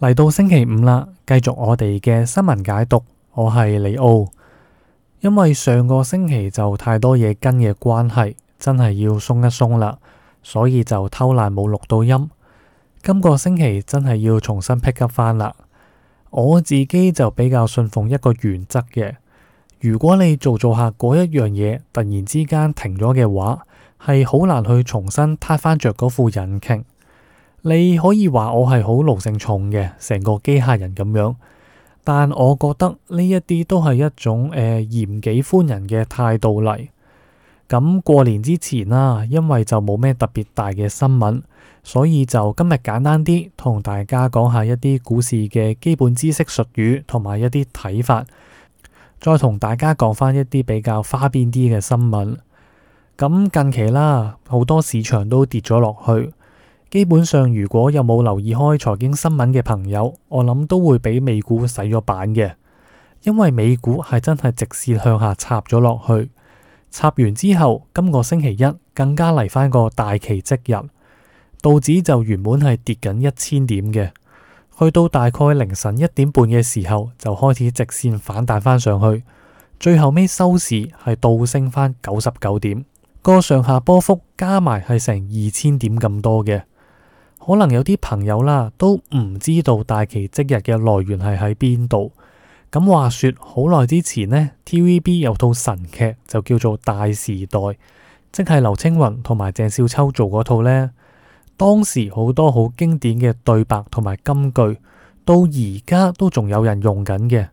嚟到星期五啦，繼續我哋嘅新聞解讀。我係李奧，因為上個星期就太多嘢跟嘅關係，真係要鬆一鬆啦，所以就偷懶冇錄到音。今個星期真係要重新 pick up 翻啦。我自己就比較信奉一個原則嘅，如果你做做下嗰一樣嘢，突然之間停咗嘅話，係好難去重新撻翻着嗰副引擎。你可以話我係好奴性重嘅，成個機械人咁樣，但我覺得呢一啲都係一種誒嚴、呃、己寬人嘅態度嚟。咁過年之前啦、啊，因為就冇咩特別大嘅新聞，所以就今日簡單啲同大家講一下一啲股市嘅基本知識術語同埋一啲睇法，再同大家講翻一啲比較花邊啲嘅新聞。咁近期啦、啊，好多市場都跌咗落去。基本上，如果有冇留意開財經新聞嘅朋友，我諗都會俾美股洗咗版嘅，因為美股係真係直線向下插咗落去，插完之後，今個星期一更加嚟返個大奇蹟日，道指就原本係跌緊一千點嘅，去到大概凌晨一點半嘅時候就開始直線反彈返上去，最後尾收市係倒升返九十九點，個上下波幅加埋係成二千點咁多嘅。可能有啲朋友啦，都唔知道大奇蹟日嘅來源係喺邊度。咁話說好耐之前呢，TVB 有套神劇就叫做《大時代》，即係劉青雲同埋鄭少秋做嗰套呢。當時好多好經典嘅對白同埋金句，到而家都仲有人用緊嘅。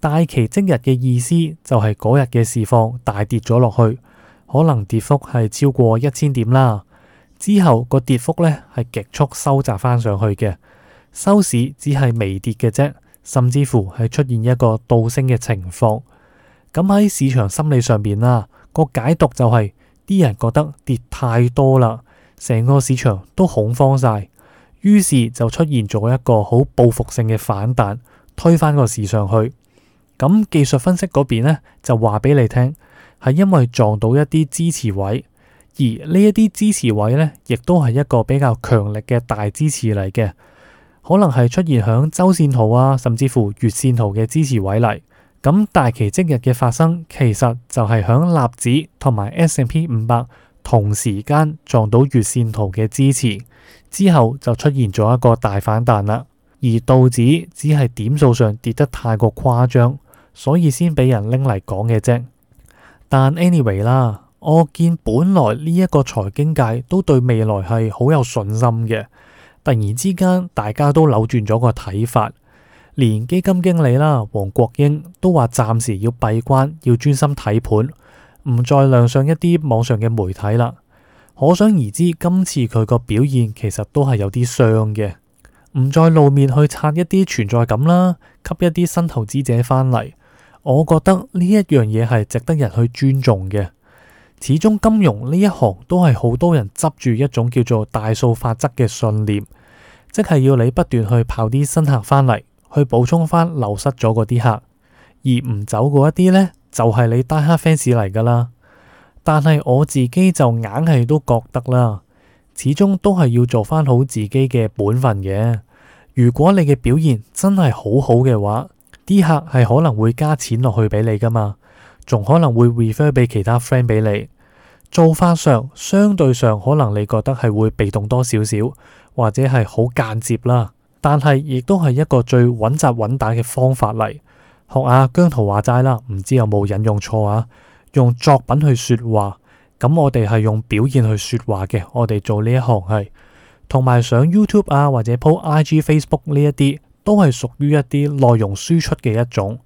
大奇蹟日嘅意思就係嗰日嘅市況大跌咗落去，可能跌幅係超過一千點啦。之後個跌幅咧，係極速收窄翻上去嘅，收市只係微跌嘅啫，甚至乎係出現一個倒升嘅情況。咁喺市場心理上邊啦，個解讀就係啲人覺得跌太多啦，成個市場都恐慌晒，於是就出現咗一個好報復性嘅反彈，推翻個市上去。咁技術分析嗰邊咧就話俾你聽，係因為撞到一啲支持位。而呢一啲支持位呢，亦都係一個比較強力嘅大支持嚟嘅，可能係出現響周線圖啊，甚至乎月線圖嘅支持位嚟。咁大奇蹟日嘅發生，其實就係響納指同埋 S and P 五百同時間撞到月線圖嘅支持之後，就出現咗一個大反彈啦。而道指只係點數上跌得太過誇張，所以先俾人拎嚟講嘅啫。但 anyway 啦。我見本來呢一個財經界都對未來係好有信心嘅，突然之間大家都扭轉咗個睇法，連基金經理啦、黃國英都話暫時要閉關，要專心睇盤，唔再亮相一啲網上嘅媒體啦。可想而知，今次佢個表現其實都係有啲傷嘅，唔再露面去刷一啲存在感啦，吸一啲新投資者翻嚟。我覺得呢一樣嘢係值得人去尊重嘅。始終金融呢一行都係好多人執住一種叫做大數法則嘅信念，即係要你不斷去跑啲新客翻嚟去補充翻流失咗嗰啲客，而唔走嗰一啲呢，就係你啲 die hard fans 嚟噶啦。但係我自己就硬係都覺得啦，始終都係要做翻好自己嘅本分嘅。如果你嘅表現真係好好嘅話，啲客係可能會加錢落去俾你噶嘛。仲可能會 refer 俾其他 friend 俾你，做法上相對上可能你覺得係會被動多少少，或者係好間接啦。但係亦都係一個最穩紮穩打嘅方法嚟。學阿、啊、姜濤話齋啦，唔知有冇引用錯啊？用作品去說話，咁我哋係用表現去說話嘅。我哋做呢一行係，同埋上 YouTube 啊或者 po IG Facebook 呢一啲，都係屬於一啲內容輸出嘅一種。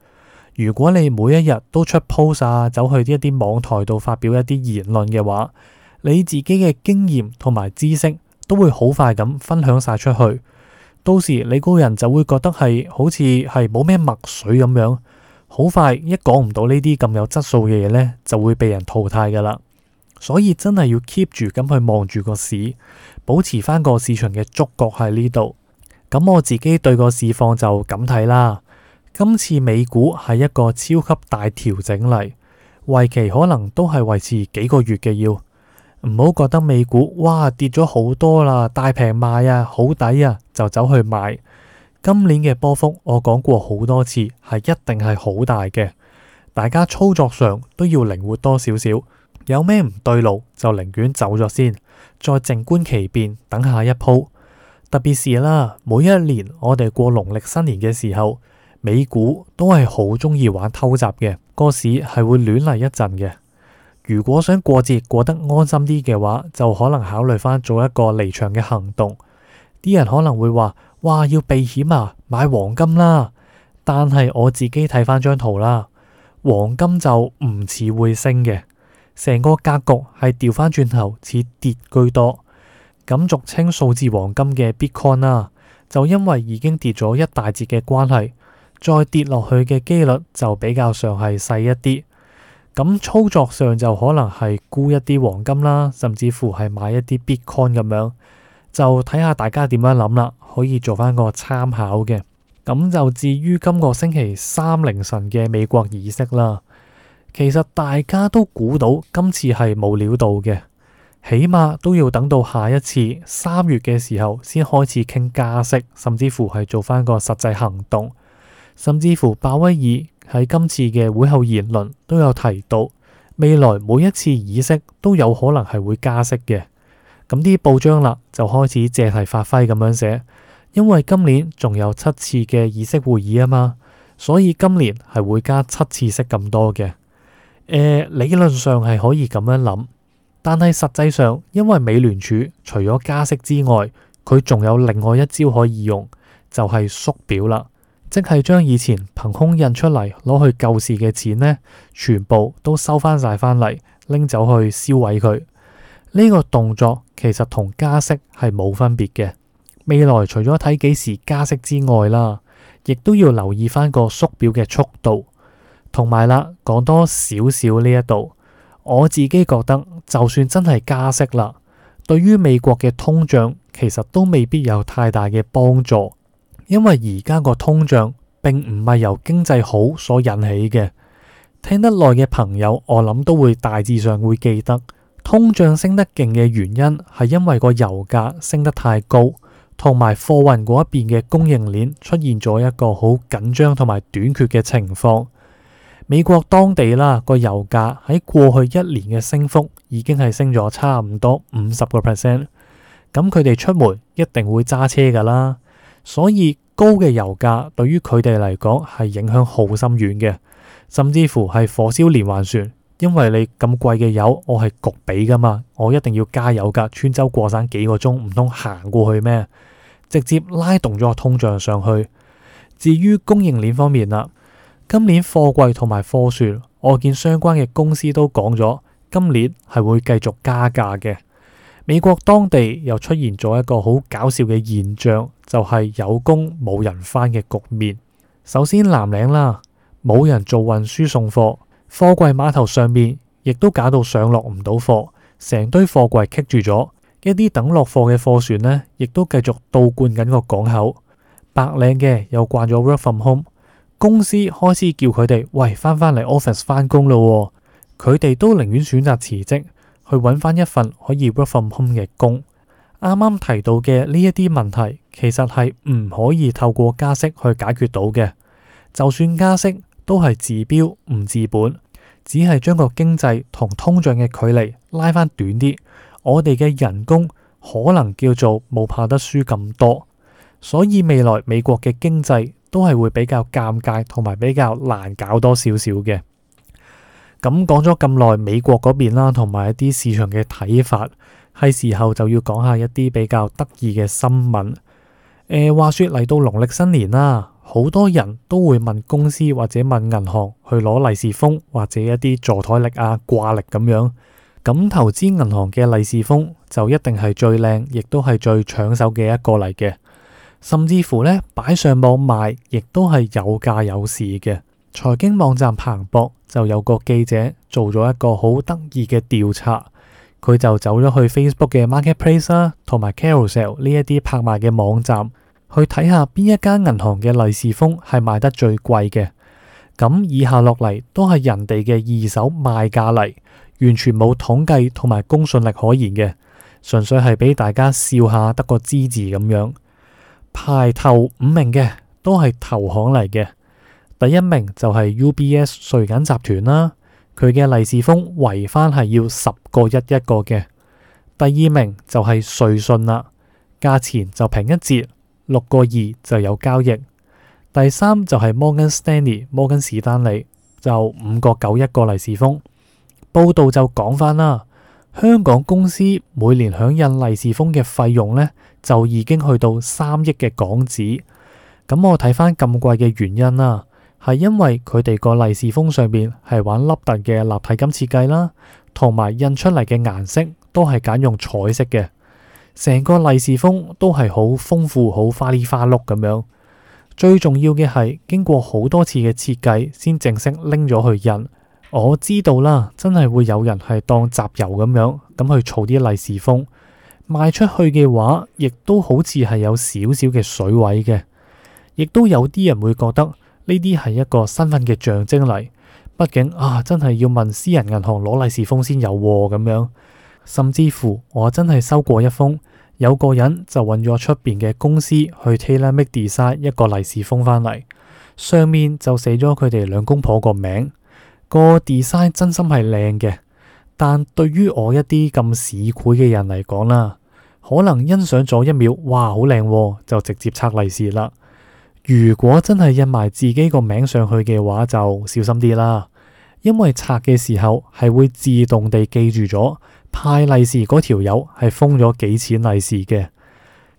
如果你每一日都出 post 啊，走去啲一啲網台度發表一啲言論嘅話，你自己嘅經驗同埋知識都會好快咁分享晒出去，到時你個人就會覺得係好似係冇咩墨水咁樣，好快一講唔到呢啲咁有質素嘅嘢呢，就會被人淘汰噶啦。所以真係要 keep 住咁去望住個市，保持翻個市場嘅觸覺喺呢度。咁我自己對個市況就咁睇啦。今次美股係一個超級大調整嚟，為期可能都係維持幾個月嘅要。唔好覺得美股哇跌咗好多啦，大平賣啊，好抵啊，就走去買。今年嘅波幅我講過好多次，係一定係好大嘅。大家操作上都要靈活多少少，有咩唔對路就寧願走咗先，再靜觀其變，等下一鋪。特別是啦，每一年我哋過農曆新年嘅時候，美股都係好中意玩偷襲嘅，個市係會亂嚟一陣嘅。如果想過節過得安心啲嘅話，就可能考慮翻做一個離場嘅行動。啲人可能會話，哇，要避險啊，買黃金啦。但係我自己睇翻張圖啦，黃金就唔似會升嘅，成個格局係掉翻轉頭似跌居多。咁俗稱數字黃金嘅 Bitcoin 啊，就因為已經跌咗一大截嘅關係。再跌落去嘅幾率就比較上係細一啲，咁操作上就可能係沽一啲黃金啦，甚至乎係買一啲 Bitcoin 咁樣，就睇下大家點樣諗啦，可以做翻個參考嘅。咁就至於今個星期三凌晨嘅美國議息啦，其實大家都估到今次係冇料到嘅，起碼都要等到下一次三月嘅時候先開始傾加息，甚至乎係做翻個實際行動。甚至乎鮑威爾喺今次嘅會後言論都有提到，未來每一次議息都有可能係會加息嘅。咁啲報章啦就開始借題發揮咁樣寫，因為今年仲有七次嘅議息會議啊嘛，所以今年係會加七次息咁多嘅。誒，理論上係可以咁樣諗，但係實際上因為美聯儲除咗加息之外，佢仲有另外一招可以用，就係縮表啦。即係將以前憑空印出嚟攞去救市嘅錢呢，全部都收翻晒翻嚟，拎走去銷毀佢。呢個動作其實同加息係冇分別嘅。未來除咗睇幾時加息之外啦，亦都要留意翻個縮表嘅速度，同埋啦，講多少少呢一度。我自己覺得，就算真係加息啦，對於美國嘅通脹其實都未必有太大嘅幫助。因為而家個通脹並唔係由經濟好所引起嘅。聽得耐嘅朋友，我諗都會大致上會記得，通脹升得勁嘅原因係因為個油價升得太高，同埋貨運嗰一邊嘅供應鏈出現咗一個好緊張同埋短缺嘅情況。美國當地啦，個油價喺過去一年嘅升幅已經係升咗差唔多五十個 percent，咁佢哋出門一定會揸車㗎啦。所以高嘅油價對於佢哋嚟講係影響好深遠嘅，甚至乎係火燒連環船，因為你咁貴嘅油，我係焗畀㗎嘛，我一定要加油㗎，穿州過省幾個鐘，唔通行過去咩？直接拉動咗個通脹上去。至於供應鏈方面啦，今年貨櫃同埋貨船，我見相關嘅公司都講咗，今年係會繼續加價嘅。美國當地又出現咗一個好搞笑嘅現象，就係、是、有工冇人返嘅局面。首先藍領啦，冇人做運輸送貨，貨櫃碼頭上面亦都搞到上落唔到貨，成堆貨櫃棘住咗。一啲等落貨嘅貨船呢，亦都繼續倒灌緊個港口。白領嘅又慣咗 work from home，公司開始叫佢哋喂返返嚟 office 返工咯，佢哋都寧願選擇辭職。去揾翻一份可以 work from home 嘅工，啱啱提到嘅呢一啲問題，其實係唔可以透過加息去解決到嘅。就算加息，都係治標唔治本，只係將個經濟同通脹嘅距離拉翻短啲。我哋嘅人工可能叫做冇怕得輸咁多，所以未來美國嘅經濟都係會比較尷尬同埋比較難搞多少少嘅。咁講咗咁耐美國嗰邊啦，同埋一啲市場嘅睇法，係時候就要講一下一啲比較得意嘅新聞。誒、呃，話說嚟到農曆新年啦，好多人都會問公司或者問銀行去攞利是封或者一啲座枱曆啊、掛曆咁樣。咁投資銀行嘅利是封就一定係最靚，亦都係最搶手嘅一個嚟嘅，甚至乎呢擺上網賣，亦都係有價有市嘅。財經網站彭博就有個記者做咗一個好得意嘅調查，佢就走咗去 Facebook 嘅 Marketplace 啦，同埋 Carousell 呢一啲拍賣嘅網站去睇下邊一間銀行嘅利是封係賣得最貴嘅。咁以下落嚟都係人哋嘅二手賣價嚟，完全冇統計同埋公信力可言嘅，純粹係俾大家笑下得個知字咁樣。排頭五名嘅都係投行嚟嘅。第一名就係 UBS 瑞銀集團啦，佢嘅利是封圍翻係要十個一一個嘅。第二名就係瑞信啦，價錢就平一截，六個二就有交易。第三就係摩根士丹利，摩根士丹利就五個九一個利是封。報道就講翻啦，香港公司每年響印利是封嘅費用咧，就已經去到三億嘅港紙。咁我睇翻咁貴嘅原因啦。係因為佢哋個利是封上面係玩凹凸嘅立體感設計啦，同埋印出嚟嘅顏色都係揀用彩色嘅，成個利是封都係好豐富，好花里花碌咁樣。最重要嘅係經過好多次嘅設計先正式拎咗去印。我知道啦，真係會有人係當集郵咁樣咁去儲啲利是封。賣出去嘅話，亦都好似係有少少嘅水位嘅，亦都有啲人會覺得。呢啲係一個身份嘅象徵嚟，畢竟啊，真係要問私人銀行攞利是封先有喎、啊、咁樣。甚至乎，我真係收過一封，有個人就揾咗出邊嘅公司去 tailor-make design 一個利是封翻嚟，上面就寫咗佢哋兩公婆個名，這個 design 真心係靚嘅。但對於我一啲咁市儈嘅人嚟講啦，可能欣賞咗一秒，哇，好靚喎，就直接拆利是啦。如果真係印埋自己個名上去嘅話，就小心啲啦，因為拆嘅時候係會自動地記住咗派利是嗰條友係封咗幾錢利是嘅。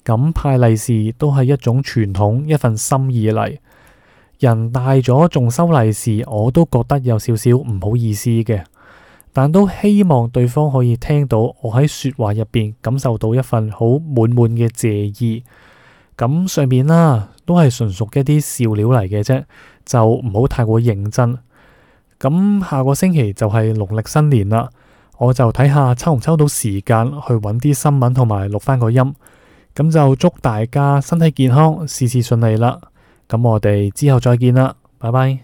咁派利是都係一種傳統，一份心意嚟。人大咗仲收利是，我都覺得有少少唔好意思嘅，但都希望對方可以聽到我喺說話入邊感受到一份好滿滿嘅謝意。咁上面啦、啊，都係純屬一啲笑料嚟嘅啫，就唔好太過認真。咁下個星期就係農曆新年啦，我就睇下抽唔抽到時間去搵啲新聞同埋錄翻個音。咁就祝大家身體健康，事事順利啦。咁我哋之後再見啦，拜拜。